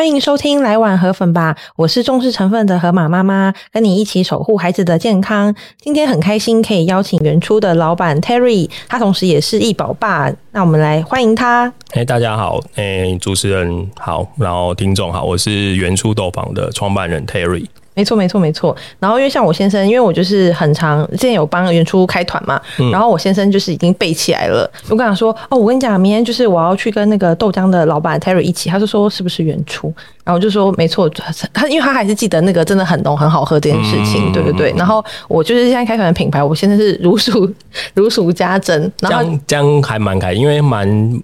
歡迎收聽來碗河粉吧，我是重視成分的河馬媽媽，跟你一起守護孩子的健康。今天很開心可以邀請元初的老闆 Terry，他同時也是一寶爸，那我們來歡迎他。哎，大家好，哎，主持人好，然後聽眾好，我是元初豆坊的創辦人 Terry。.沒錯，沒錯，沒錯。然後因為像我先生，因為我就是很常之前有幫元初開團嘛、嗯，然後我先生就是已經背起來了。我跟他說，哦，我跟你講，明天就是我要去跟那個豆漿的老闆 Terry 一起。他就說是不是元初？然後我就說沒錯，他因為他還是記得那個真的很濃、很好喝這件事情，嗯、對不對，對？然後我就是現在開團的品牌，我現在是如數如數家珍。這樣這樣還蠻開，因為蠻。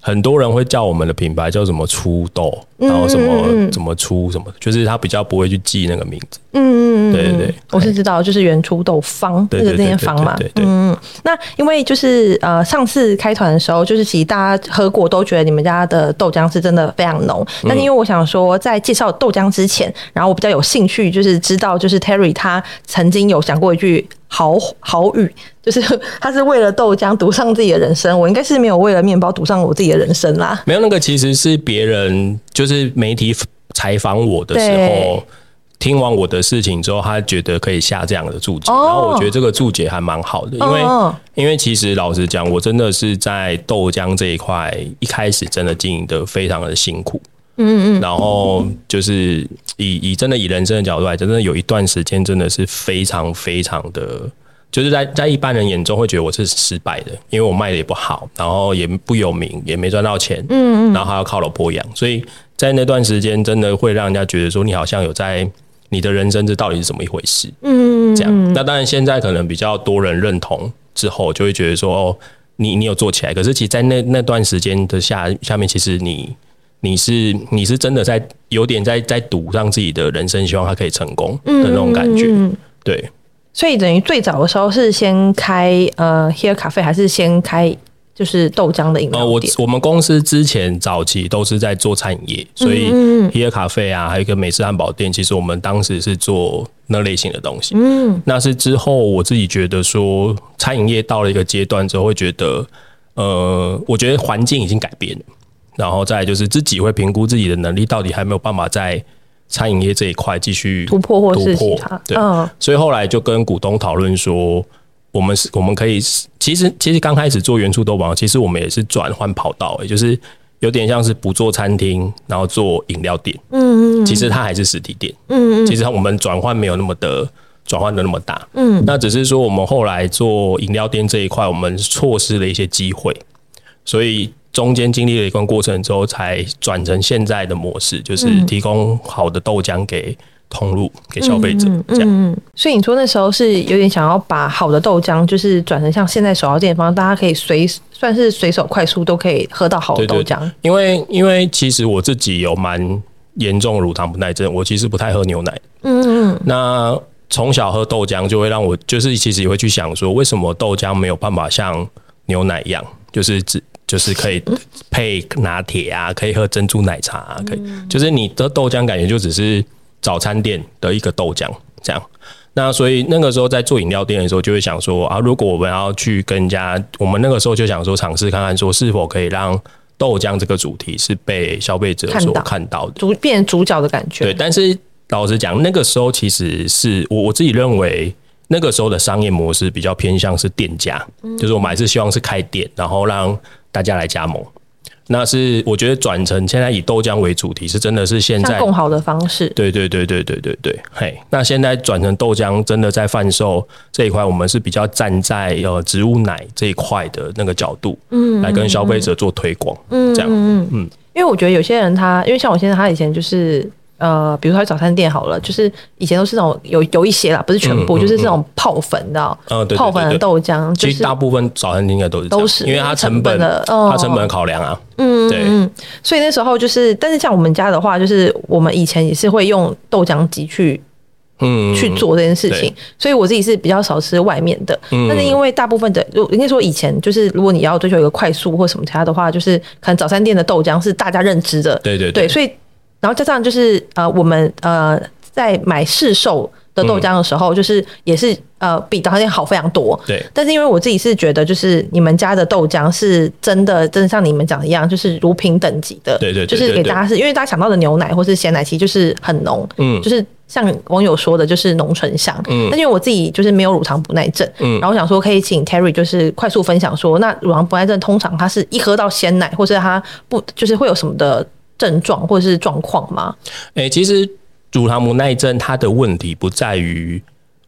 很多人會叫我們的品牌叫什麼初豆，然後什麼怎、嗯嗯嗯、麼初什麼，就是他比較不會去記那個名字。嗯，嗯，嗯嗯、對對對，對，我是知道，嗯、就是原初豆坊就是那些坊嘛。對對，對，那因為就是呃，上次開團的時候，就是其實大家喝過都覺得你們家的豆漿是真的非常濃。但是、嗯嗯、因為我想說，在介紹豆漿之前，然後我比較有興趣，就是知道就是 Terry 他曾經有講過一句。好好語，就是他是為了豆漿賭上自己的人生，我應該是沒有為了麵包賭上我自己的人生啦。沒有，那個其實是別人，就是媒體採訪我的時候，聽完我的事情之後，他覺得可以下這樣的注解，哦、然後我覺得這個注解還蠻好的，因為、哦、因為其實老實講，我真的是在豆漿這一塊一開始真的經營的非常的辛苦。嗯嗯，然後就是以以真的以人生的角度來講，真的有一段時間真的是非常非常的，就是在在一般人眼中會覺得我是失敗的，因為我賣的也不好，然後也不有名，也沒賺到錢，嗯嗯，然後還要靠老婆養，所以在那段時間真的會讓人家覺得說你好像有在你的人生這到底是怎麼一回事，嗯，這樣。那當然現在可能比較多人認同之後，就會覺得說哦，你你有做起來，可是其實在那那段時間的下下面，其實你。你是你是真的在有點在在賭，讓自己的人生希望它可以成功的那種感覺。嗯嗯嗯嗯對。所以等於最早的時候是先開呃 Here 咖啡，還是先開就是豆漿的飲料店？呃、我我們公司之前早期都是在做餐飲業。嗯嗯嗯嗯，所以 Here 咖啡啊，還有一個美式漢堡店，其實我們當時是做那類型的東西。嗯，嗯，那是之後我自己覺得說餐飲業到了一個階段之後，會覺得呃，我覺得環境已經改變了。然後再就是自己會評估自己的能力，到底還沒有辦法在餐飲業這一塊繼續突破或試試突破，對。嗯、所以後來就跟股東討論說，我們是、嗯、我們可以其實其實剛開始做元初豆坊，其實我們也是轉換跑道、欸，也就是有點像是不做餐廳，然後做飲料店。嗯嗯，嗯。其實它還是實體店。嗯嗯，嗯。其實我們轉換沒有那麼的轉換的那麼大。嗯，嗯。嗯、那只是說我們後來做飲料店這一塊，我們錯失了一些機會，所以。中間經歷了一段過程之後，才轉成現在的模式，就是提供好的豆漿給通路、嗯、給消費者、嗯嗯。這樣，所以你說那時候是有點想要把好的豆漿，就是轉成像現在手搖店方，大家可以隨算是隨手快速都可以喝到好的豆漿。因為因為其實我自己有蠻嚴重的乳糖不耐症，我其實不太喝牛奶。嗯嗯，那從小喝豆漿就會讓我就是其實也會去想說，為什麼豆漿沒有辦法像牛奶一樣，就是只。就是可以配拿鐵啊，可以喝珍珠奶茶啊。可以，就是你的豆漿感覺就只是早餐店的一個豆漿這樣。那所以那個時候在做飲料店的時候，就會想說啊，如果我們要去跟人家，我們那個時候就想說嘗試看看，說是否可以讓豆漿這個主題是被消費者所看到的，主變主角的感覺。對，但是老實講，那個時候其實是我我自己認為，那個時候的商業模式比較偏向是店家，就是我們還是希望是開店，然後讓。大家來加盟，那是我覺得轉成現在以豆漿為主題是真的是現在更好的方式，對對對對對對對，嘿，那現在轉成豆漿真的在販售這一塊，我們是比較站在呃植物奶這一塊的那個角度，嗯，嗯，嗯，來跟消費者做推廣，嗯，嗯，這樣，嗯，嗯，因為我覺得有些人他，因為像我現在他以前就是。呃，比如說早餐店好了，就是以前都是那種有有一些啦，不是全部，嗯嗯嗯、就是這種泡粉的、嗯呃，泡粉的豆漿、就是。其實大部分早餐店應該都是都是，因為它成本，成本的、哦，它成本的考量啊。嗯，對。所以那時候就是，但是像我們家的話，就是我們以前也是會用豆漿機去嗯去做這件事情。所以我自己是比較少吃外面的，嗯、但是因為大部分的，應該說以前就是，如果你要追求一個快速或什麼其他的話，就是可能早餐店的豆漿是大家認知的。對對對，對，所以。然後加上就是呃，我們呃在買市售的豆漿的時候，嗯、就是也是呃比早點好非常多。對。但是因為我自己是覺得，就是你們家的豆漿是真的，真的像你們講的一樣，就是乳品等級的。對對對，對。就是給大家是，因為大家想到的牛奶或是鮮奶，其實就是很濃。嗯。就是像網友說的，就是濃醇香。嗯。那因為我自己就是沒有乳糖不耐症，嗯、然後我想說可以請 Terry 就是快速分享說，嗯、那乳糖不耐症通常它是，一喝到鮮奶或是它不就是會有什麼的。症狀或是狀況嗎？誒、欸，其實乳糖不耐症，它的問題不在於，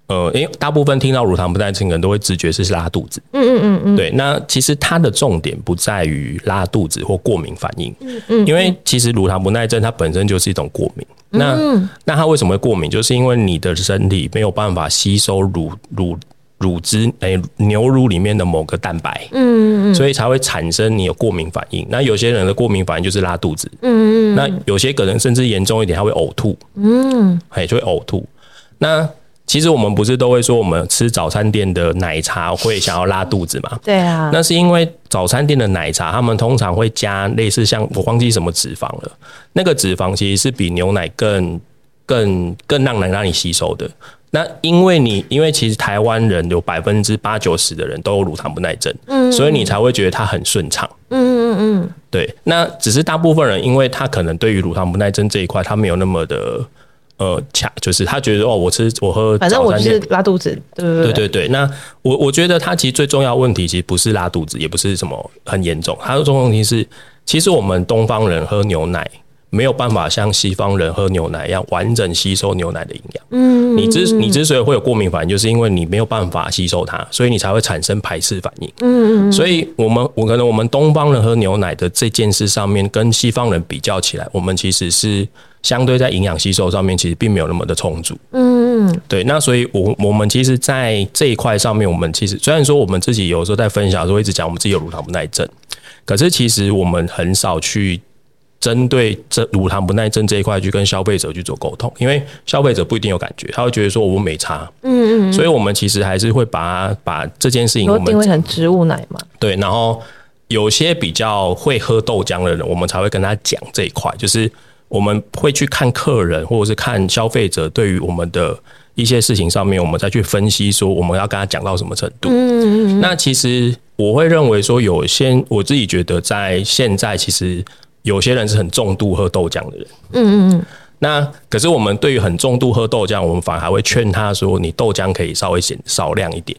呃，因為大部分聽到乳糖不耐症的人都會直覺是拉肚子。嗯嗯嗯嗯，對。那其實它的重點不在於拉肚子或過敏反應。嗯、嗯嗯。因為其實乳糖不耐症它本身就是一種過敏。嗯嗯，那那它為什麼會過敏？就是因為你的身體沒有辦法吸收乳乳。乳汁誒、欸，牛乳裡面的某個蛋白，嗯，所以才會產生你有過敏反應。那有些人的過敏反應就是拉肚子，嗯，那有些可能甚至嚴重一點，它會嘔吐，嗯，就會嘔吐。那其實我們不是都會說，我們吃早餐店的奶茶會想要拉肚子嗎、嗯？對啊，那是因為早餐店的奶茶，他們通常會加類似像我忘記什麼脂肪了，那個脂肪其實是比牛奶更、更、更讓人讓你吸收的。那因為你，因為其實台灣人有百分之八九十的人都有乳糖不耐症，嗯，所以你才會覺得它很順暢，嗯嗯嗯嗯，對。那只是大部分人，因為他可能對於乳糖不耐症這一塊，他沒有那麼的呃恰。就是他覺得哦，我吃我喝，反正我就是拉肚子，對對對、對。對對，那我我覺得他其實最重要問題，其實不是拉肚子，也不是什麼很嚴重，他的重要問題是，其實我們東方人喝牛奶。沒有辦法像西方人喝牛奶一樣完整吸收牛奶的營養。嗯，你之你之所以會有過敏反應，就是因為你沒有辦法吸收它，所以你才會產生排斥反應。嗯嗯。所以，我們我可能我們東方人喝牛奶的這件事上面，跟西方人比較起來，我們其實是相對在營養吸收上面，其實並沒有那麼的充足。嗯，對，那所以，我我們其實，在這一塊上面，我們其實雖然說我們自己有時候在分享的時候一直講我們自己有乳糖不耐症，可是其實我們很少去。針對這乳糖不耐症這一塊去跟消費者去做溝通，因為消費者不一定有感覺，他會覺得說我們沒差，嗯嗯，所以我們其實還是會把把這件事情定位成植物奶嘛，對。然後有些比較會喝豆漿的人，我們才會跟他講這一塊，就是我們會去看客人或者是看消費者對於我們的一些事情上面，我們再去分析說我們要跟他講到什麼程度。嗯嗯。那其實我會認為說，有些我自己覺得在現在其實。有些人是很重度喝豆漿的人，嗯嗯嗯。那可是我們對於很重度喝豆漿，我們反而還會勸他說：“你豆漿可以稍微減少量一點，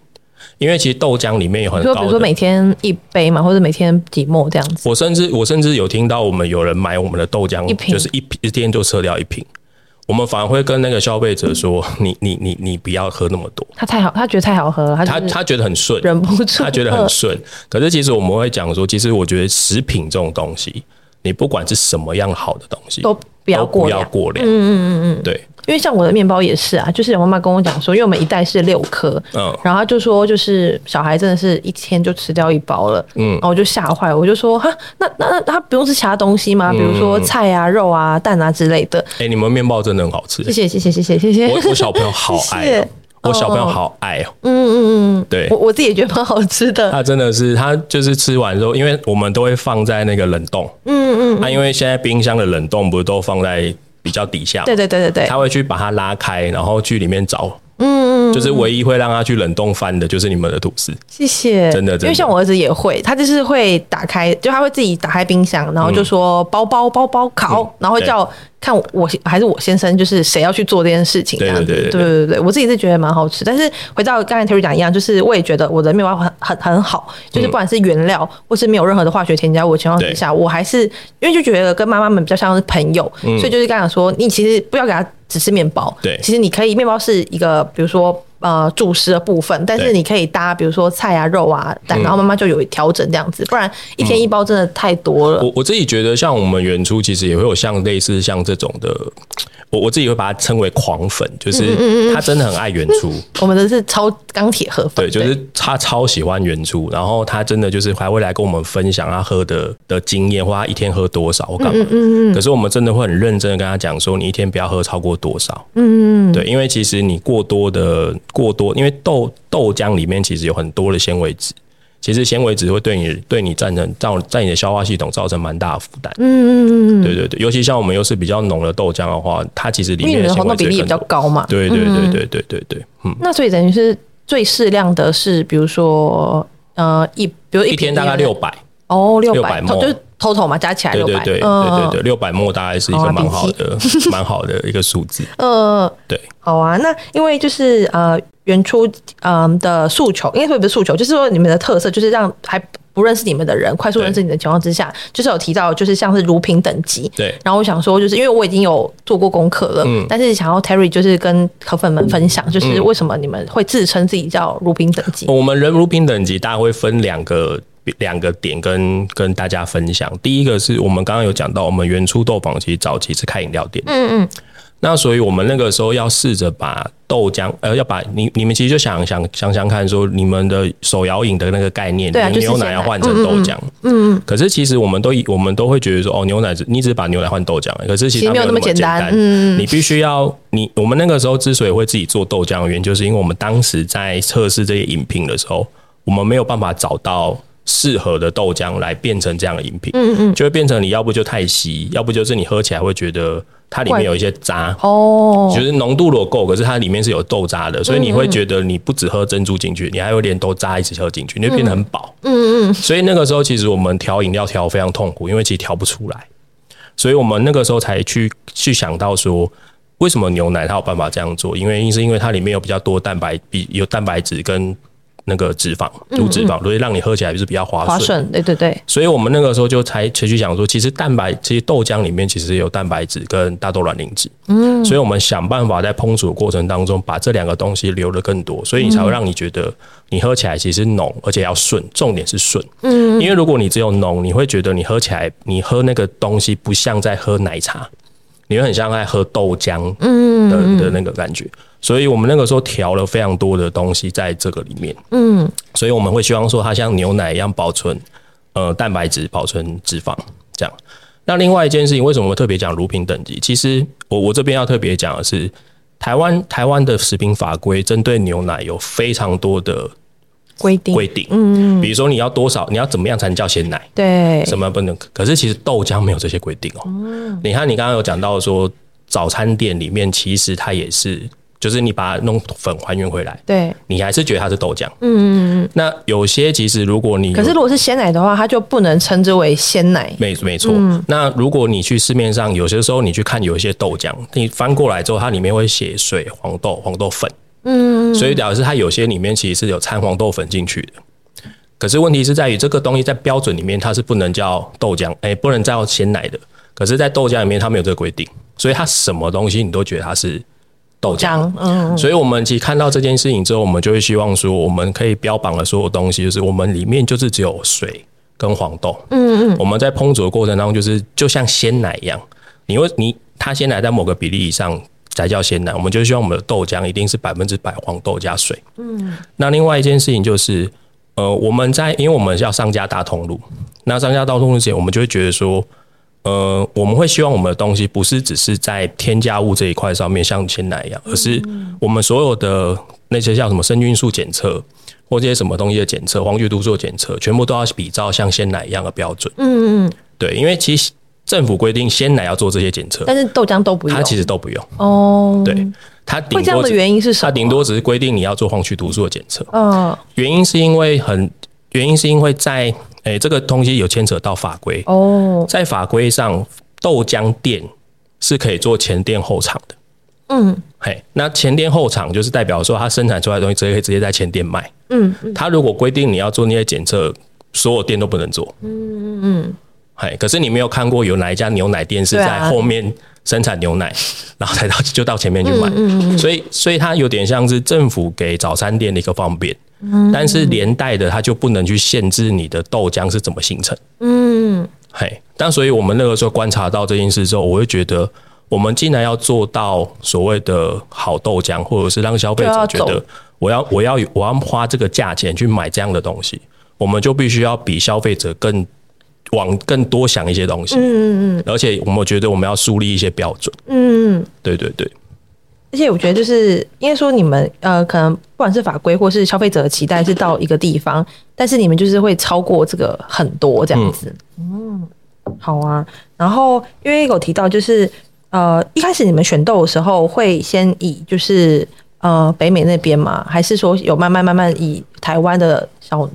因為其實豆漿裡面有很……就比如說每天一杯嘛，或者每天幾末這樣子。”我甚至我甚至有聽到我們有人買我們的豆漿，一瓶就是一一天就喝掉一瓶。我們反而會跟那個消費者說：“你你你你不要喝那麼多。”他太好，他覺得太好喝了，他他覺得很順，忍不住，他覺得很順。可是其實我們會講說，其實我覺得食品這種東西。你不管是什麼樣好的東西，都不要過量。嗯嗯嗯嗯，對，因為像我的面包也是啊，就是我媽媽跟我講說，因為我們一袋是六顆，嗯，然後他就說，就是小孩真的是一天就吃掉一包了。嗯，然後我就嚇壞了，我就說哈，那那那它不用吃其他東西嗎？比如說菜啊、肉啊、蛋啊之類的。誒，嗯，欸，你們麵包真的很好吃，謝謝謝謝謝謝謝謝。我我小朋友好愛啊。謝謝。我小朋友好愛哦，嗯嗯嗯嗯，對，我我自己也覺得蠻好吃的。他真的是，他就是吃完之後，因為我們都會放在那個冷凍，嗯嗯，他、啊、因為現在冰箱的冷凍不是都放在比較底下，對對對對對，他會去把它拉開，然後去裡面找，嗯嗯，就是唯一會讓他去冷凍翻的就是你們的吐司，謝謝，真的，真的，因為像我兒子也會，他就是會打開，就他會自己打開冰箱，然後就說包包包包，包烤、嗯，然後叫。看我還是我先生，就是誰要去做這件事情啊？對對對對對，對，對，對我自己是覺得蠻好吃，但是回到剛才 Terry 講一樣，就是我也覺得我的麵包很很很好，就是不管是原料、嗯、或是沒有任何的化學添加物的情況之下，我還是因為就覺得跟媽媽們比較像是朋友，嗯、所以就是剛才說，你其實不要給他只吃面包，對，其實你可以面包是一個，比如說。呃，主食的部分，但是你可以搭，比如說菜啊、肉啊、蛋、蛋，然後慢慢就有調整這樣子，嗯，不然一天一包真的太多了。我我自己覺得，像我們元初其實也會有像類似像這種的，我我自己會把它稱為狂粉，就是他真的很愛元初，嗯嗯嗯。我們的是超鋼鐵河粉，對，就是他超喜歡元初，然後他真的就是還會來跟我們分享他喝的的經驗，或他一天喝多少，我告訴你，嗯嗯嗯，可是我們真的會很認真的跟他講說，你一天不要喝超過多少。嗯，嗯，對，因為其實你過多的。過多，因為豆豆漿裡面其實有很多的纖維質，其實纖維質會對你對你成造成造在你的消化系統造成蠻大的負擔。嗯嗯嗯嗯，對對對，尤其像我們又是比較濃的豆漿的話，它其實裡面的黃豆的比例也比較高嘛。對對對對對對對，嗯，嗯，嗯。那所以等於是最適量的是，比如說呃一，比如一,一天大概六百哦，六百嘛。Total 嘛，加起來六百，呃，對對對，六百墨大概是一個蠻好的，蠻、哦啊、 好的一個數字。呃，對，好啊。那因為就是呃，元初嗯、呃、的訴求，應該說不是訴求，就是說你們的特色，就是讓還不認識你們的人快速認識你的情況之下，就是有提到，就是像是乳品等級。對。然後我想說，就是因為我已經有做過功課了，嗯，但是想要 Terry 就是跟河粉們分享，就是為什麼你們會自稱自己叫乳品等級，嗯。我們人乳品等級大概會分兩個。兩個點跟跟大家分享。第一個是我們剛剛有講到，我們元初豆坊其實早期是開飲料店，嗯嗯，那所以我們那個時候要試着把豆漿，呃，要把你你們其實就想想想想看，說你們的手搖飲的那個概念，對、啊就是、牛奶要換成豆漿，嗯，嗯，嗯，嗯，可是其實我們都以我們都會覺得說，哦，牛奶只你只是把牛奶換豆漿，可是其實它沒有那麼簡單，簡單，嗯，你必須要你我們那個時候之所以會自己做豆漿的，原因就是因為我們當時在測試這些飲品的時候，我們沒有辦法找到。適合的豆漿來變成這樣的飲品，嗯嗯就會變成你要不就太稀，要不就是你喝起來會覺得它裡面有一些渣，哦，就是濃度如果夠，可是它裡面是有豆渣的，所以你會覺得你不只喝珍珠進去，你還會連豆渣一起喝進去，你會變得很飽，嗯嗯嗯。所以那個時候其實我們調飲料調非常痛苦，因為其實調不出來，所以我們那個時候才去去想到說，為什麼牛奶它有辦法這樣做？因為因是因為它裡面有比較多蛋白，比有蛋白質跟。那個脂肪，乳、就是、脂肪，所、嗯、以、嗯、讓你喝起來就是比較滑順。對、欸、對對，所以我們那個時候就才才去講說，其實蛋白，其實豆漿裡面其實有蛋白質跟大豆卵磷脂。嗯，所以我們想辦法在烹煮的過程當中，把這兩個東西留得更多，所以你才會讓你覺得你喝起來其實濃、嗯，而且要順，重點是順。嗯，嗯，因為如果你只有濃，你會覺得你喝起來，你喝那個東西不像在喝奶茶。你會很像在喝豆漿，嗯的的那個感覺，所以我們那個時候調了非常多的東西在這個裡面，嗯，所以我們會希望說它像牛奶一樣保存，呃蛋白質保存脂肪這樣。那另外一件事情，為什麽我特別講乳品等級？其實我我這邊要特別講的是，台灣台灣的食品法規針對牛奶有非常多的。規定規定，嗯嗯,嗯比如說你要多少，你要怎麼樣才能叫鮮奶？對，什麼樣不能？可是其實豆漿沒有這些規定哦。嗯,嗯，你看你剛剛有講到說早餐店裡面其實它也是，就是你把它弄粉還原回來，對，你還是覺得它是豆漿。嗯嗯。那有些其實如果你可是如果是鮮奶的話，它就不能稱之為鮮奶。沒沒錯。嗯嗯那如果你去市面上有些時候你去看有一些豆漿，你翻過來之後它裡面會寫水黃豆黃豆粉。嗯，嗯，所以表示它有些裡面其實是有摻黃豆粉進去的，可是問題是在於這個東西在標準裡面它是不能叫豆漿，哎，不能叫鮮奶的。可是，在豆漿裡面它沒有這個規定，所以它什麼東西你都覺得它是豆漿。嗯，所以我們其實看到這件事情之後，我們就會希望說，我們可以標榜的所有東西就是我們裡面就是只有水跟黃豆。嗯嗯，我們在烹煮的過程當中，就是就像鮮奶一樣，因為你它鮮奶在某個比例以上。才叫鮮奶，我們就希望我們的豆漿一定是百分之百黃豆加水。嗯。那另外一件事情就是，呃，我們在因為我們要上架大通路，那上架大通路之前，我們就會覺得說，呃，我們會希望我們的東西不是只是在添加物這一塊上面像鮮奶一樣，而是我們所有的那些像什麼生菌素檢測或這些什麼東西的檢測、黃曲毒素檢測，全部都要比照像鮮奶一樣的標準。嗯嗯。對，因為其實。政府規定鮮奶要做這些檢測，但是豆漿都不用。它其實都不用哦。對，它頂多的原因是什麼？它頂多只是規定你要做黃曲毒素的檢測。嗯、哦，原因是因為很，原因是因為在哎、欸，這個東西有牽扯到法規哦。在法規上，豆漿店是可以做前店後廠的。嗯，嘿，那前店後廠就是代表說，它生產出來的東西直接可以直接在前店賣。嗯，嗯它如果規定你要做那些檢測，所有店都不能做。嗯嗯嗯。可是你沒有看過有哪一家牛奶店是在後面生產牛奶，啊嗯嗯嗯嗯嗯嗯嗯、然後才到就到前面去買，所以所以它有點像是政府給早餐店的一個方便，但是連帶的它就不能去限制你的豆漿是怎麼形成，嗯，嘿，但所以我們那個時候觀察到這件事之後，我會覺得我們既然要做到所謂的好豆漿，或者是讓消費者覺得我要我要我要，我要花這個價錢去買這樣的東西，我們就必須要比消費者更。往更多想一些東西，嗯嗯嗯，而且我們覺得我們要樹立一些標準，嗯嗯，對對對、嗯，嗯嗯、而且我覺得就是因為說你們呃，可能不管是法規或是消費者的期待是到一個地方，但是你們就是會超過這個很多這樣子，嗯，嗯，好啊，然後因為有提到就是呃一開始你們選豆的時候會先以就是呃北美那邊嘛，還是說有慢慢慢慢以台灣的小。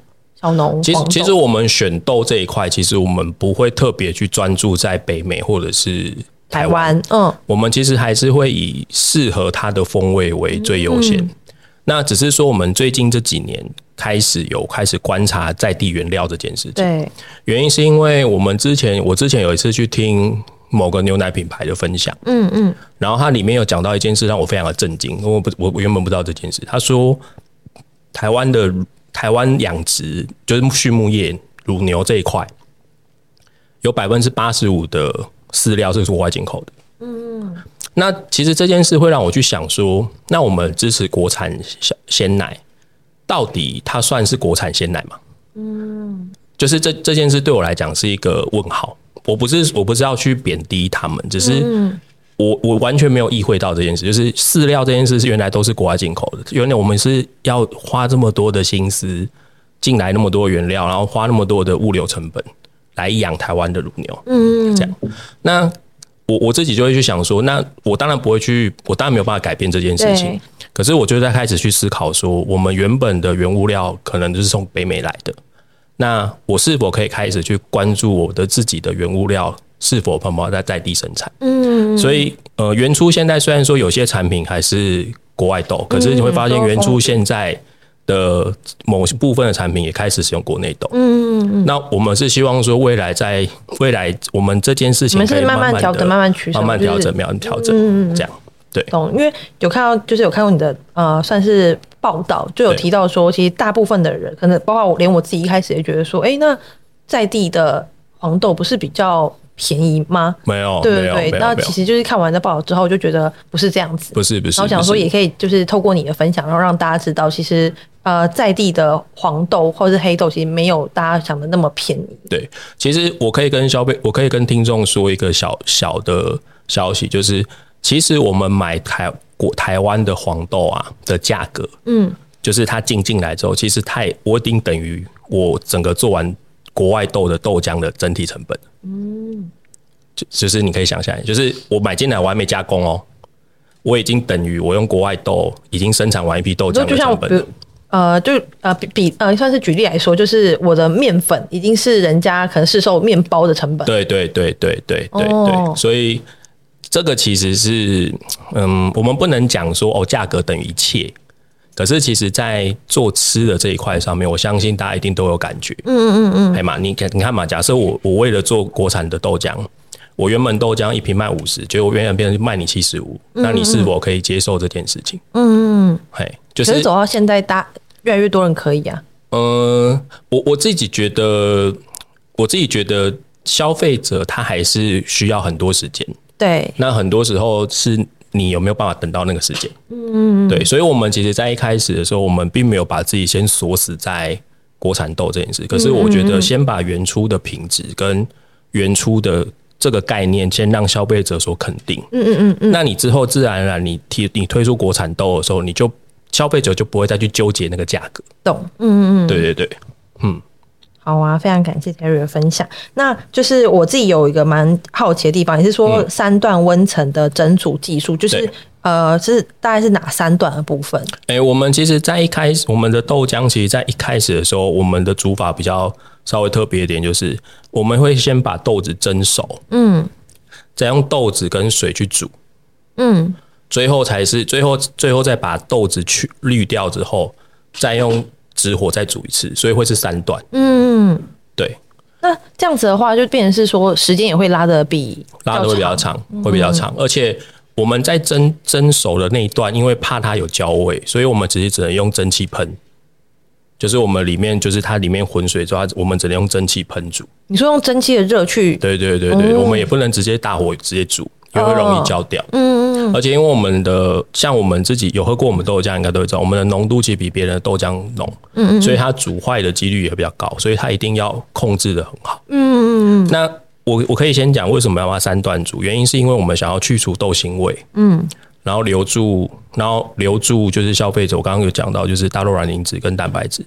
其實其實我們選豆這一塊，其實我們不會特別去專注在北美或者是台灣，嗯，我們其實還是會以適合它的風味為最優先，嗯嗯。那只是說，我們最近這幾年開始有開始觀察在地原料這件事情。對，原因是因為我們之前，我之前有一次去聽某個牛奶品牌的分享，嗯嗯，然後它裡面有講到一件事，讓我非常的震驚，因為我不，我我原本不知道這件事。他說，台灣的。台灣養殖就是畜牧業乳牛這一塊，有百分之八十五的飼料是國外進口的。嗯，那其實這件事會讓我去想說，那我們支持國產鮮鮮奶，到底它算是國產鮮奶嗎？嗯，就是這這件事對我來講是一個問號。我不是我不是要去貶低他們，只是。嗯我我完全沒有意會到這件事，就是飼料這件事是原來都是國外進口的，原來我們是要花這麼多的心思進來那麼多原料，然後花那麼多的物流成本來養台灣的乳牛。嗯，這樣。那我我自己就會去想說，那我當然不會去，我當然沒有辦法改變這件事情。可是我就在開始去思考說，我們原本的原物料可能就是從北美來的。那我是否可以開始去關注我的自己的原物料是否環保在在地生產？嗯，所以呃，元初現在雖然說有些產品還是國外豆，可是你會發現元初現在的某些部分的產品也開始使用國內豆。嗯嗯嗯。那我們是希望說未來在未來我們這件事情，可以慢慢調整、慢慢去慢慢調整、慢慢調整這樣。對。懂，因為有看到就是有看過你的呃，算是。報道就有提到說，其實大部分的人可能包括我，連我自己一開始也覺得說，哎、欸，那在地的黃豆不是比較便宜嗎？沒有，對對對。那其實就是看完這報道之後，我就覺得不是這樣子，不是不是。然後想說也可以，就是透過你的分享，然後讓大家知道，其實呃，在地的黃豆或是黑豆，其實沒有大家想的那麼便宜。對，其實我可以跟消費，我可以跟聽眾說一個小小的消息，就是其實我們買台國台灣的黃豆啊的價格，嗯，就是它進進來之後，其實太我已經等於我整個做完國外豆的豆漿的整體成本，嗯，就其實你可以想像，就是我買進來我還沒加工哦，我已經等於我用國外豆已經生產完一批豆漿的成本，就像我比如，呃，就呃比呃算是舉例來說，就是我的麵粉已經是人家可能是售麵包的成本，對對對對對對對、哦，所以。這個其實是，嗯，我們不能講說哦，價格等於一切。可是其實，在做吃的這一塊上面，我相信大家一定都有感覺。嗯嗯嗯嗯，哎、嗯、嘛，你看，你看嘛，假設我我為了做國產的豆漿，我原本豆漿一瓶賣五十，結果我原本變成賣你七十五，那你是否可以接受這件事情？嗯嗯嗯，嘿，就是，可是走到現在，大越來越多人可以啊。嗯，我我自己覺得，我自己覺得消費者他還是需要很多時間。對，那很多時候是你有沒有辦法等到那個時間？嗯嗯，對，所以我們其實，在一開始的時候，我們並沒有把自己先鎖死在國產豆這件事。可是，我覺得先把元初的品質跟元初的這個概念，先讓消費者所肯定。嗯嗯嗯嗯，那你之後自然而然，你提你推出國產豆的時候，你就消費者就不會再去糾結那個價格。懂，嗯嗯對對對，嗯。好啊，非常感謝 Terry 的分享。那就是我自己有一個蠻好奇的地方，也是說三段溫層的蒸煮技術，嗯，就是呃，就是大概是哪三段的部分？誒、欸，我們其實，在一開始，我們的豆漿，其實在一開始的時候，我們的煮法比較稍微特別一點，就是我們會先把豆子蒸熟，嗯，再用豆子跟水去煮，嗯，最後才是最後最後再把豆子去濾掉之後，再用，嗯。直火再煮一次，所以會是三段。嗯，對。那這樣子的話，就變成是說時間也會拉得比,比拉得會比較長，會比較長。嗯、而且我們在蒸蒸熟的那一段，因為怕它有焦味，所以我們直接只能用蒸汽噴。就是我們裡面就是它裡面渾水的話，抓我們只能用蒸汽噴煮。你說用蒸汽的熱去？對對對對、嗯，我們也不能直接大火直接煮，因為會容易焦掉。哦、嗯。而且因為我們的，像我們自己有喝過我們豆漿，應該都知道我們的濃度其實比別人的豆漿濃，嗯，所以它煮壞的幾率也比較高，所以它一定要控制得很好，嗯嗯嗯。那我我可以先講為什麼要把它三段煮，原因是因為我們想要去除豆腥味，嗯，然後留住，然後留住就是消費者我剛剛有講到就是大豆卵磷脂跟蛋白質，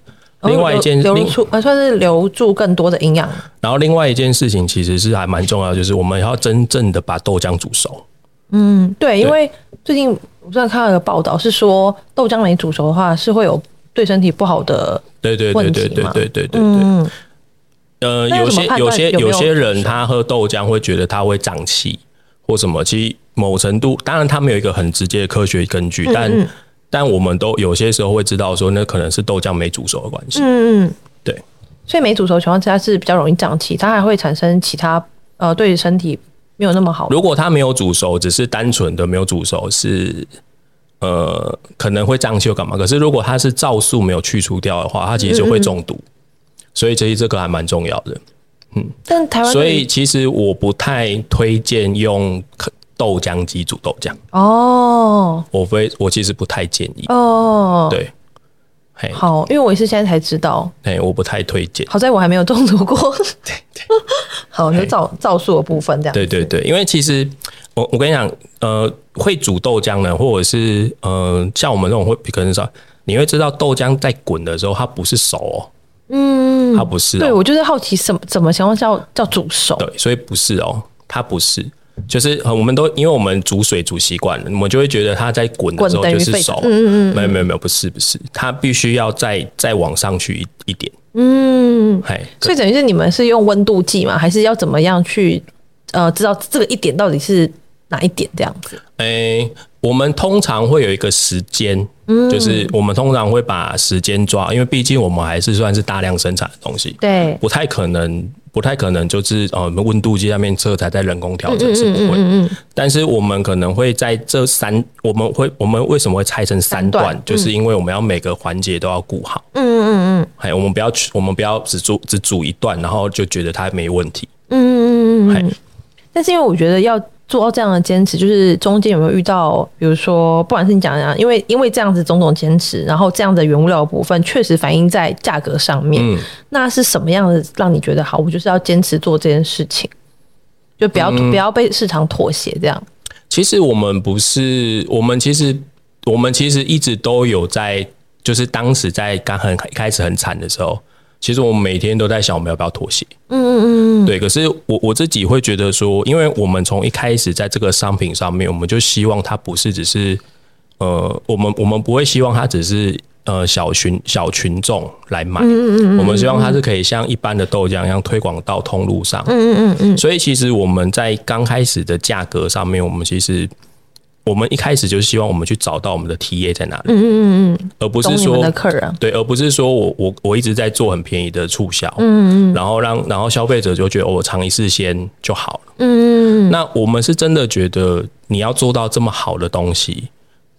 另外一件事，留住，呃，算是留住更多的營養，然後另外一件事情其實是還蠻重要的，就是我們要真正的把豆漿煮熟。嗯，對，因為最近我最近看到一個報道，是說豆漿沒煮熟的話，是會有對身體不好的問題嘛，對對對對對對對對對嗯呃，呃，有些有些有些人他喝豆漿會覺得它會脹氣或什麼，其實某程度當然它沒有一個很直接的科學根據，嗯嗯但但我們都有些時候會知道說那可能是豆漿沒煮熟的關係。嗯嗯，對。所以沒煮熟，情況下它是比較容易脹氣，它還會產生其他呃，對身體。沒有那麼好。如果它沒有煮熟，只是單純的沒有煮熟，是呃可能會脹氣幹嘛。可是如果它是皂素沒有去除掉的話，它其實就會中毒。嗯嗯，所以這些這個還蠻重要的。嗯，但台灣所以其實我不太推薦用豆漿機煮豆漿。哦，我非，我其實不太建議。哦，對。好，因為我也是現在才知道。我不太推薦。好在我還沒有中毒過。對 對，好有皂皂素的部分這樣。對對對，因為其實我我跟你講，呃，會煮豆漿呢，或者是呃，像我們這種會可能說，你會知道豆漿在滾的時候它不是熟、哦不是哦。嗯，它不是、哦。對，我就是好奇什麼，什什麼情況下叫煮熟？對，所以不是哦，它不是。就是我們都因為我們煮水煮習慣了，我們就會覺得它在滾的時候就是熟。嗯嗯，沒有沒有沒有，不是不是，它必須要再再往上去一一點。嗯，所以等於是你們是用溫度計嗎？還是要怎麼樣去呃知道這個一點到底是哪一點這樣子？哎、嗯。我們通常會有一個時間，嗯，就是我們通常會把時間抓，因為畢竟我們還是算是大量生產的東西，對，不太可能，不太可能，就是呃，溫度計上面測才在人工調整是不會的，嗯，嗯，嗯，嗯，嗯，但是我們可能會在這三，我們會，我們為什麼會拆成三段，三段嗯、就是因為我們要每個環節都要顧好，嗯嗯嗯還我們不要去，我們不要只煮只煮一段，然後就覺得它沒問題，嗯嗯嗯嗯，但是因為我覺得要。做到這樣的堅持，就是中間有沒有遇到，比如說，不管是你講講，因為因為這樣子種種堅持，然後這樣的原物料的部分確實反映在價格上面，嗯。那是什麼樣的讓你覺得好？我就是要堅持做這件事情，就不要，嗯，不要被市場妥協這樣。其實我們不是，我們其實我們其實一直都有在，就是當時在剛很一開始很慘的時候。其實我們每天都在想我們要不要妥協，嗯嗯嗯，對。可是我我自己會覺得說，因為我們從一開始在這個商品上面，我們就希望它不是只是，呃，我們我們不會希望它只是呃小，小群小群眾來買，嗯嗯嗯嗯，我們希望它是可以像一般的豆漿一樣推廣到通路上，嗯嗯嗯。所以其實我們在剛開始的價格上面，我們其實。我們一開始就是希望我們去找到我們的 T A 在哪裡，嗯嗯嗯嗯，而不是說的對，而不是說我我我一直在做很便宜的促銷，嗯嗯，然後讓然後消費者就覺得我嘗一次鮮就好了，嗯嗯嗯。那我們是真的覺得你要做到這麼好的東西，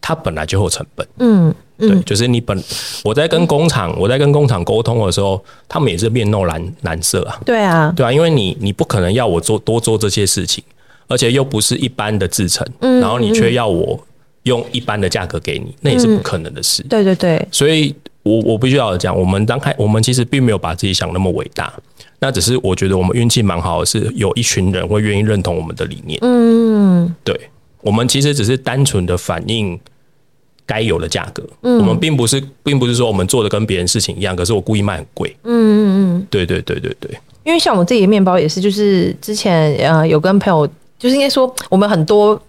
它本來就有成本，嗯嗯，對，就是你本我在跟工廠我在跟工廠溝通的時候，他們也是面露難難色啊，對啊，對啊，因為你你不可能要我做多做這些事情。而且又不是一般的製程，嗯，然後你卻要我用一般的價格給你，嗯，那也是不可能的事。嗯、對對對，所以我我必須要講，我們當開，我們其實並沒有把自己想那麼偉大，那只是我覺得我們運氣蠻好的，是有一群人會願意認同我們的理念。嗯，對，我們其實只是單純的反映該有的價格，嗯，我們並不是，並不是說我們做的跟別人事情一樣，可是我故意賣很貴。嗯嗯嗯，對，對對對對對。因為像我自己的麵包也是，就是之前呃有跟朋友。就是應該說，我們很多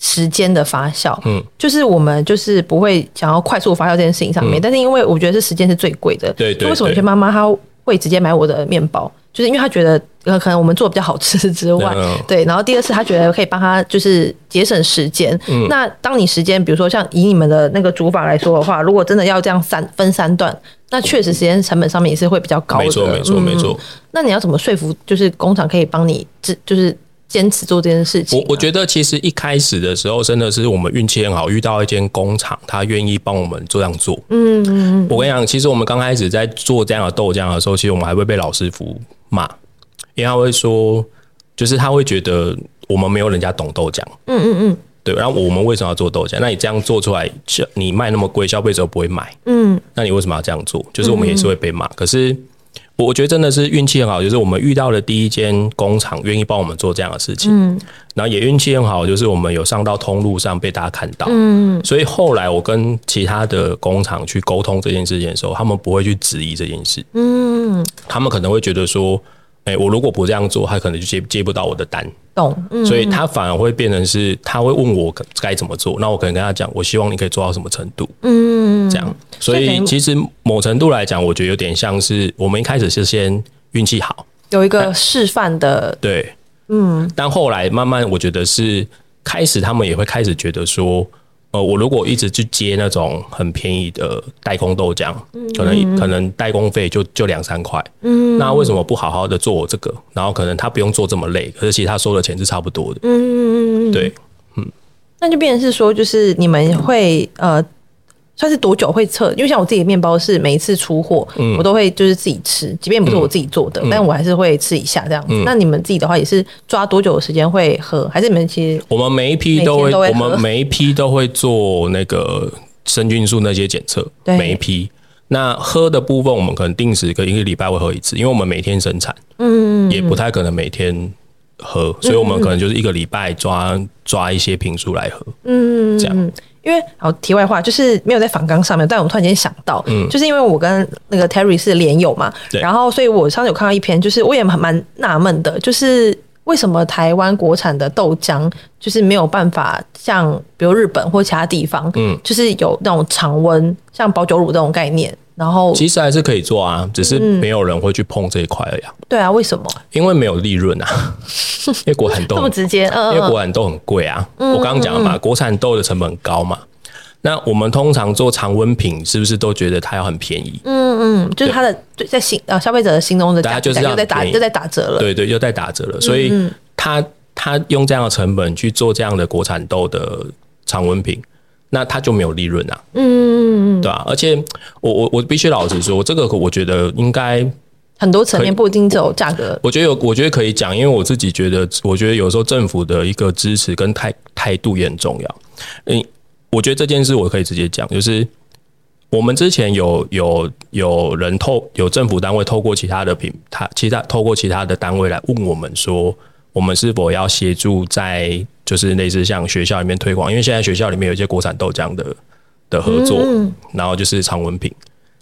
時間的發酵，嗯，就是我們就是不會想要快速發酵這件事情上面，嗯、但是因為我覺得是時間是最貴的，對，對，對。就為什麼有些媽媽她會直接買我的麵包對對對，就是因為她覺得呃，可能我們做的比較好吃之外，嗯、對。然後第二次她覺得可以幫她就是節省時間、嗯。那當你時間，比如說像以你們的那個煮法來說的話，如果真的要這樣三分三段，那確實時間成本上面也是會比較高的，沒錯，沒錯、嗯，沒錯。那你要怎麼說服就是工廠可以幫你，就是？堅持做這件事情啊？我我覺得其實一開始的時候，真的是我們運氣很好，遇到一間工廠，他願意幫我們做這樣做。嗯嗯，我跟你講，其實我們剛開始在做這樣的豆漿的時候，其實我們還會被老師傅罵，因為他會說，就是他會覺得我們沒有人家懂豆漿。嗯嗯嗯。對，然後我們為什麼要做豆漿？那你這樣做出來，你賣那麼貴，消費者不會買。嗯。那你為什麼要這樣做？就是我們也是會被罵，嗯，可是。我覺得真的是運氣很好，就是我們遇到了第一間工廠願意幫我們做這樣的事情，嗯，然後也運氣很好，就是我們有上到通路上被大家看到，嗯，所以後來我跟其他的工廠去溝通這件事情的時候，他們不會去質疑這件事，嗯，他們可能會覺得說。哎、欸，我如果不這樣做，他可能就接接不到我的單。懂、嗯，所以他反而會變成是，他會問我該怎麼做。那我可能跟他講，我希望你可以做到什麼程度。嗯，這樣。所以其實某程度來講，我覺得有點像是我們一開始是先運氣好，有一個示範的。對，嗯。但後來慢慢，我覺得是開始，他們也會開始覺得說。呃，我如果一直去接那種很便宜的代工、呃、豆漿，可能可能代工費就就兩三塊，嗯、mm -hmm.，那為什麼不好好的做我這個？然後可能他不用做這麼累，可是其實他收的錢是差不多的，嗯、mm -hmm.，對，嗯，那就變成是說，就是你們會呃。算是多久會測？因為像我自己的面包是每一次出貨，嗯，我都會就是自己吃，即便不是我自己做的，嗯、但我還是會吃一下這樣子，嗯。那你們自己的話也是抓多久的時間會喝？還是你們其實我們每一批都會，我們每一批都會做那個生菌數那些檢測。每一批。那喝的部分，我們可能定時跟一個一個禮拜會喝一次，因為我們每天生產，嗯,嗯，也不太可能每天喝，所以我們可能就是一個禮拜抓抓一些品數來喝，嗯,嗯,嗯，這樣。因為，好，題外話就是沒有在訪綱上面，但我們突然間想到、嗯，就是因為我跟那個 Terry 是連友嘛，對，然後所以我上次有看到一篇，就是我也蠻納悶的，就是為什麼台灣國產的豆漿就是沒有辦法像比如日本或其他地方，就是有那種常溫像保久乳這種概念。然後其實還是可以做啊、嗯，只是沒有人會去碰這一塊而已、啊。對啊，為什麼？因為沒有利潤啊， 因為國產豆 這麼直接，呃、因為國產豆很貴啊。嗯嗯嗯，我剛剛講了嘛，國產豆的成本很高嘛。那我們通常做常溫品，是不是都覺得它要很便宜？嗯嗯，就是它的就在心啊消費者的心中的價，又在打又在打折了。對對，對，又在打折了，嗯嗯，所以它它用這樣的成本去做這樣的國產豆的常溫品。那他就沒有利潤了。嗯，對吧、啊？而且我我我必須老實說，這個我覺得應該很多層面不一定只有價格。我覺得有，我覺得可以講，因為我自己覺得，我覺得有時候政府的一個支持跟態態度也很重要。嗯，我覺得這件事我可以直接講，就是我們之前有有有人透有政府單位透過其他的平台，其他透過其他的單位來問我們說，我們是否要協助在。就是類似像學校裡面推廣，因為現在學校裡面有一些國產豆漿的的合作、嗯，然後就是常溫品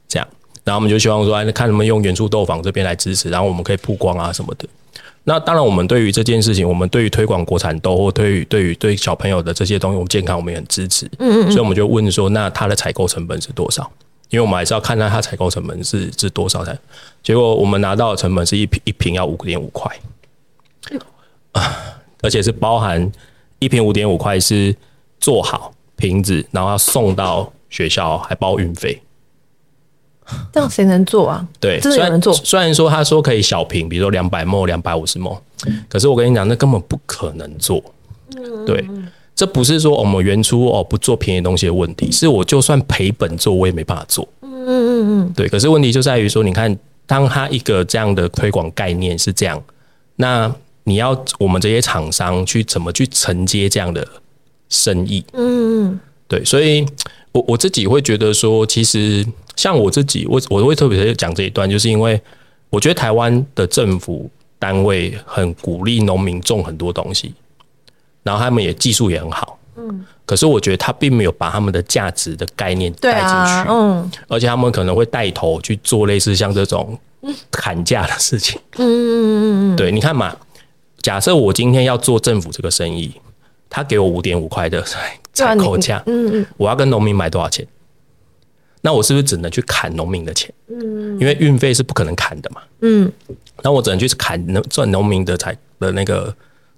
這樣，然後我們就希望說，哎，看他們用元初豆坊這邊來支持，然後我們可以曝光啊什麼的。那當然，我們對於這件事情，我們對於推廣國產豆或對於對於對於小朋友的這些東西，我們健康，我們也很支持嗯嗯。所以我們就問說，那它的採購成本是多少？因為我們還是要看到它採購成本是是多少才。結果我們拿到的成本是一瓶一瓶要五點五塊，啊、嗯，而且是包含。一瓶五點五塊是做好瓶子，然後要送到學校，還包運費。這樣誰能做啊？嗯、對，雖然雖然說他說可以小瓶，比如說兩百 ml 兩百五十 ml 可是我跟你講，那根本不可能做。對，這不是說我們原初哦不做便宜東西的問題，是我就算賠本做，我也沒辦法做。嗯嗯嗯嗯，對。可是問題就在於說，你看，當他一個這樣的推廣概念是這樣，那。你要我們這些廠商去怎麼去承接這樣的生意？嗯，對，所以我我自己會覺得說，其實像我自己，我我會特別講這一段，就是因為我覺得台灣的政府單位很鼓勵農民種很多東西，然後他們也技術也很好，嗯，可是我覺得他並沒有把他們的價值的概念帶進去，嗯，而且他們可能會帶頭去做類似像這種砍價的事情，嗯嗯嗯嗯嗯，對，你看嘛。假設我今天要做政府這個生意，他給我五點五塊的採購價，嗯，我要跟農民買多少錢？那我是不是只能去砍農民的錢？嗯，因為運費是不可能砍的嘛。嗯，那我只能去砍能賺農民的財的那個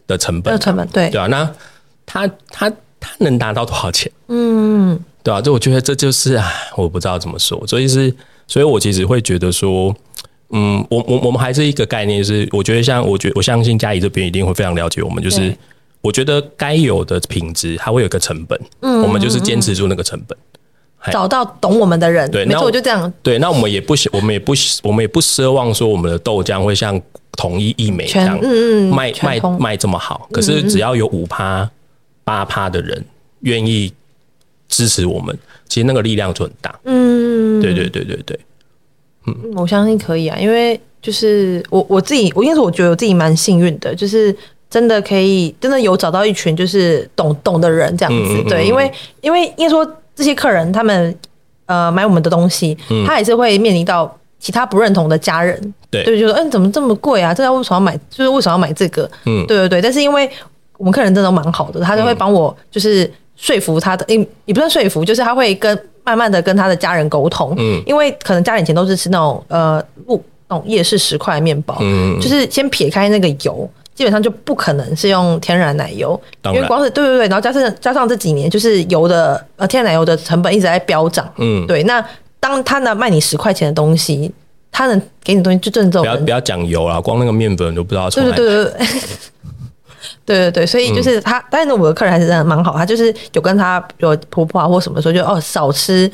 的成本。成本對。對啊，那他他他能拿到多少錢？嗯，對啊。這我覺得這就是啊，我不知道怎麼說。所以是，所以我其實會覺得說。嗯，我我我們還是一個概念，就是，是我覺得像我覺我相信佳怡這邊一定會非常了解我們，就是我覺得該有的品質，它會有個成本。嗯嗯嗯，我們就是堅持住那個成本，找到懂我們的人，對，那我就這樣，對，那我們也不奢，我們也不，我們也不奢望說我們的豆漿會像統一、義美這樣，嗯嗯，賣賣賣這麼好，可是只要有五趴、八趴的人願意支持我們嗯嗯，其實那個力量就很大，嗯，對對對對對。嗯，我相信可以啊，因為就是我我自己，我因為我覺得我自己蠻幸運的，就是真的可以，真的有找到一群就是懂懂的人這樣子，嗯嗯，對、因，因為因為應該說這些客人他們呃買我們的東西，他還是會面臨到其他不認同的家人，嗯，對，就是說，欸，怎麼這麼貴啊？這家為什麼要買？就是為什麼要買這個？嗯，對對對。但是因為我們客人真的蠻好的，他就會幫我就是說服他的，哎，嗯，也不算說服，就是他會跟。慢慢的跟他的家人溝通，嗯，因為可能家裡以前都是吃那種呃不那種夜市十塊麵包，嗯，就是先撇開那個油，基本上就不可能是用天然奶油，因為光是，對對對，然後加上加上這幾年就是油的呃天然奶油的成本一直在飆漲，嗯，對，那當他呢賣你十塊錢的東西，他能給你東西就正宗，不要不要講油啊，光那個麵粉都不知道從。對對對對。 對對對，所以就是他，嗯、但是呢，我的客人還是真的蠻好。他就是有跟他有婆婆或什麼時候就哦，少吃，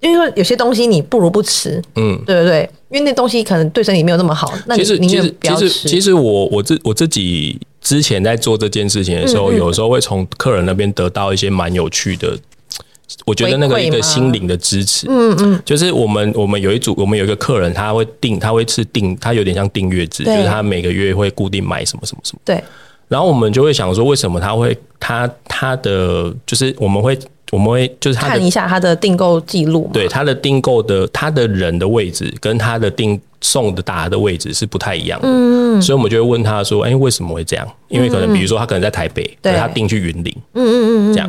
因為有些東西你不如不吃。嗯，對對對，因為那東西可能對身體沒有那麼好。其實那其實其實，其實我我自我自己之前在做這件事情的時候，嗯嗯有時候會從客人那邊得到一些蠻有趣的嗯嗯，我覺得那個一個心靈的支持。嗯嗯，就是我們我們有一組，我們有一個客人，他會訂，他會吃訂，他有點像訂閱制，就是他每個月會固定買什麼什麼什麼。對。然後我們就會想說，為什麼他會他他的就是我們會我們會就是他的看一下他的訂購記錄，對他的訂購的他的人的位置跟他的訂送的達的位置是不太一樣的，嗯，所以我們就會問他說，哎，為什麼會這樣？因為可能比如說他可能在台北，對他訂去雲林，嗯嗯嗯，這樣，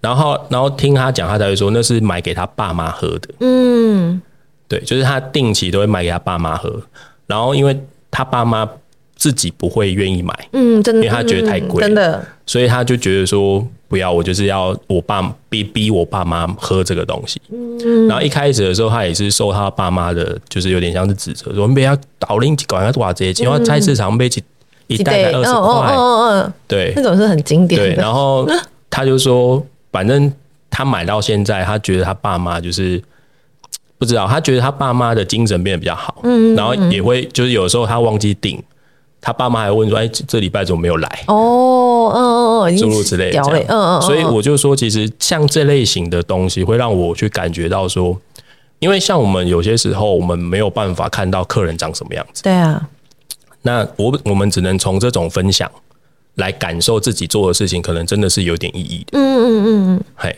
然後然後聽他講，他才會說那是買給他爸媽喝的，嗯，對，就是他定期都會買給他爸媽喝，然後因為他爸媽。自己不會願意買，嗯，真的，因為他覺得太貴了，嗯、所以他就覺得說不要，我就是要我爸逼逼我爸媽喝這個東西，嗯，然後一開始的時候，他也是受他爸媽的，就是有點像是指責，說我們不要倒拎幾人家寡這些錢，要、嗯、菜市場被幾一袋二十塊，嗯嗯、哦哦哦哦，對，那種是很經典的。對，然後他就說， 反正他買到現在，他覺得他爸媽就是不知道，他覺得他爸媽的精神變得比較好，嗯，然後也會、嗯、就是有時候他忘記訂。他爸媽還問說：“哎、欸，這這禮拜怎麼沒有來？”哦，嗯嗯嗯，諸如此類的，嗯嗯嗯。所以我就說，其實像這類型的東西，會讓我去感覺到說，因為像我們有些時候，我們沒有辦法看到客人長什麼樣子。對啊。那我我們只能從這種分享來感受自己做的事情，可能真的是有點意義的。嗯嗯嗯嗯。嘿，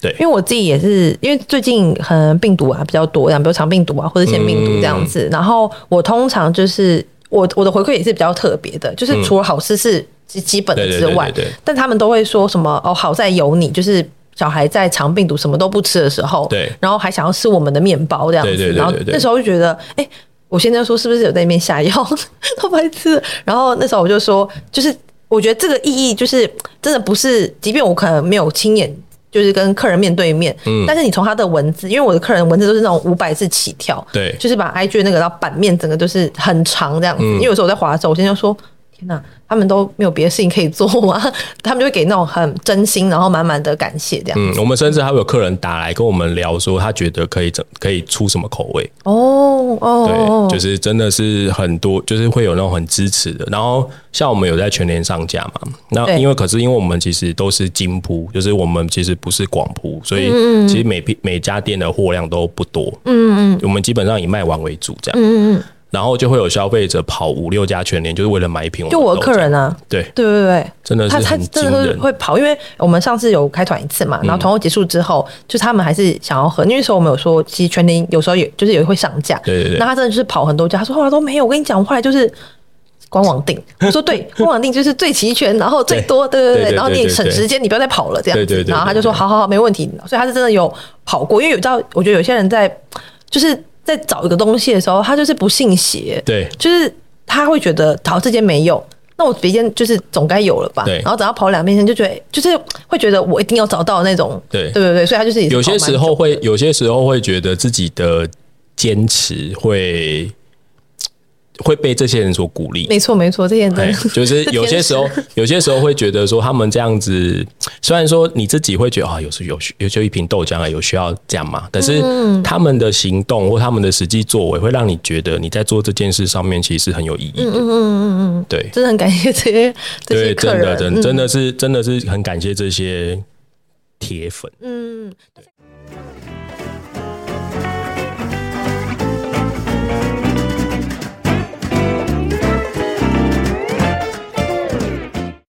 對，因為我自己也是，因為最近可能病毒啊比較多，像比如腸病毒啊或者腺病毒這樣子，嗯、然後我通常就是。我我的回饋也是比較特別的，就是除了好吃是基本的之外、嗯對對對對對，但他們都會說什麼哦，好在有你，就是小孩在腸病毒什麼都不吃的時候，然後還想要吃我們的麵包這樣子，對對對對對對然後那時候就覺得，哎，我先生說是不是有在那邊下藥，都白吃。然後那時候我就說，就是我覺得這個意義就是真的不是，即便我可能沒有親眼。就是跟客人面對面，嗯、但是你從他的文字，因為我的客人文字都是那種五百字起跳，對，就是把 IG 那個到版面整個都是很長這樣子、嗯，因為有時候我在劃手，我現在說。那他們都沒有別的事情可以做嗎？他們就會給那種很真心，然後滿滿的感謝這樣。嗯，我們甚至還有客人打來跟我們聊說，他覺得可以整可以出什麼口味哦哦，對，就是真的是很多，就是會有那種很支持的。然後像我們有在全年上架嘛，那因為可是因為我們其實都是精鋪，就是我們其實不是廣鋪，所以其實每、嗯、每家店的貨量都不多。嗯嗯，我們基本上以賣完為主這樣。嗯嗯。然後就會有消費者跑五六家全聯，就是為了買一瓶。就我的客人啊，對對對對，真的是他他真的是會跑，因為我們上次有開團一次嘛，然後團購結束之後，嗯、就是、他們還是想要喝，那個時候我們有說，其實全聯有時候也就是也會上架。對對，對那他真的是跑很多家，他說後來都沒有，我跟你講，後來就是官網訂。我說對，官網訂就是最齊全， 然後最多的，對，對對對，然後你省時間，你不要再跑了這樣子。然後他就說好好好，沒問題。所以他是真的有跑過，因為有知道，我覺得有些人在就是。在找一個東西的時候，他就是不信邪，對，就是他會覺得，好，這間沒有，那我別間就是總該有了吧，對，然後只要跑兩遍，就覺得就是會覺得我一定要找到那種，對，對對對，所以他就是，是有些時候會，有些時候會覺得自己的堅持會。會被這些人所鼓勵。沒錯沒錯，這些人是對，就是有些時候，有些時候會覺得說他們這樣子，雖然說你自己會覺得啊，有時有，有就一瓶豆漿啊，有需要這樣嘛？但是他們的行動或他們的實際作為，會讓你覺得你在做這件事上面其實是很有意義的。嗯嗯嗯嗯，對，真的很感謝這些、這些客人，對，真的真的真的是真的是很感謝這些鐵粉。嗯。對。